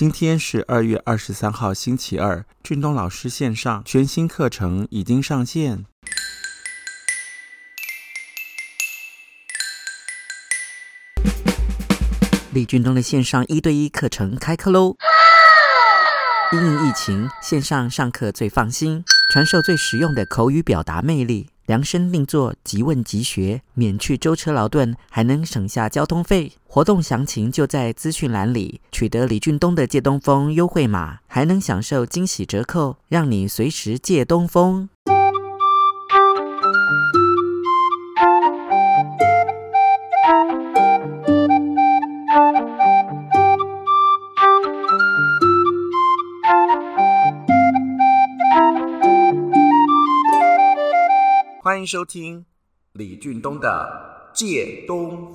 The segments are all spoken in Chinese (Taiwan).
今天是二月二十三號，星期二，俊東老師線上全新課程已經上線。李俊東的線上一對一課程開課嘍！因應疫情，線上上課最放心，傳授最實用的口語表達魅力。量身定做，即問即學，免去舟車勞頓，還能省下交通費。活動詳情就在資訊欄裡，取得李俊東的借東風優惠碼，還能享受驚喜折扣，讓你隨時借東風。歡迎收聽李俊東的《借東風》。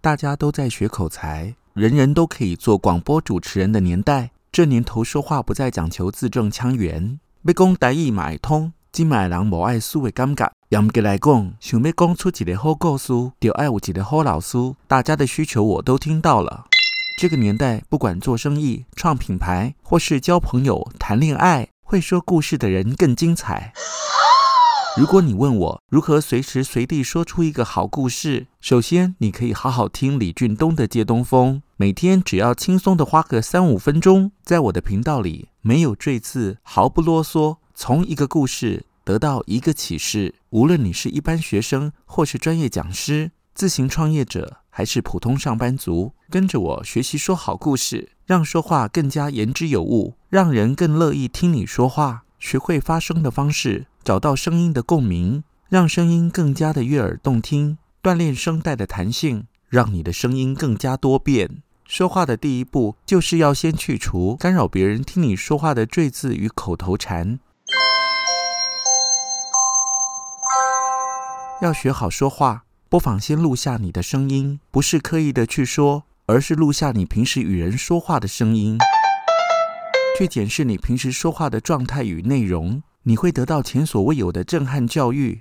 大家都在學口才，人人都可以做廣播主持人的年代，這年頭說話不再講求字正腔圓。要講台語嘛會通，金買郎母愛素味尷尬。要不給來講，想要講出幾條好故事，就愛有幾條好老蘇。大家的需求我都聽到了。這個年代，不管做生意、創品牌，或是交朋友、談戀愛，會說故事的人更精彩。如果你問我如何隨時隨地說出一個好故事，首先你可以好好聽李俊東的《借東風》，每天只要輕鬆的花個三五分鐘，在我的頻道裡，沒有贅字，毫不囉嗦，從一個故事得到一個啟示。無論你是一般學生，或是專業講師、自行創業者，還是普通上班族，跟着我學習說好故事，讓說話更加言之有物，讓人更樂意聽你說話。學會發聲的方式，找到聲音的共鳴，讓聲音更加的悅耳動聽；鍛鍊聲帶的彈性，讓你的聲音更加多變。說話的第一步，就是要先去除干擾別人聽你說話的贅字與口頭禪。 要學好說話，不妨先錄下你的聲音，不是刻意的去說，而是錄下你平時與人說話的聲音。去檢視你平時說話的狀態與內容，你會得到前所未有的震撼教育。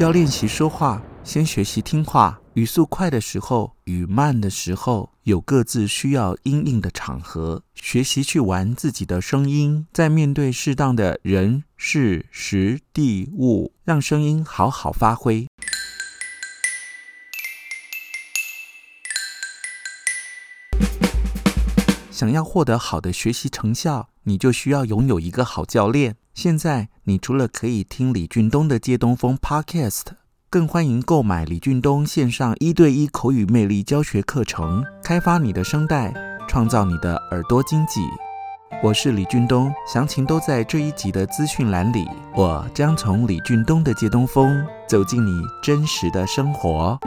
要練習說話，先學習聽話。語速快的時候，語慢的時候，有各自需要音應的場合。學習去玩自己的聲音，在面對適當的人、事、時、地、物，讓聲音好好發揮。想要獲得好的學習成效，你就需要擁有一個好教練。現在你除了可以聽李俊東的借東風 Podcast，更歡迎購買李俊東線上一對一口語魅力教學課程，開發你的聲帶，創造你的耳朵經濟。我是李俊東，詳情都在這一集的資訊欄裡。我將從李俊東的借東風走進你真實的生活。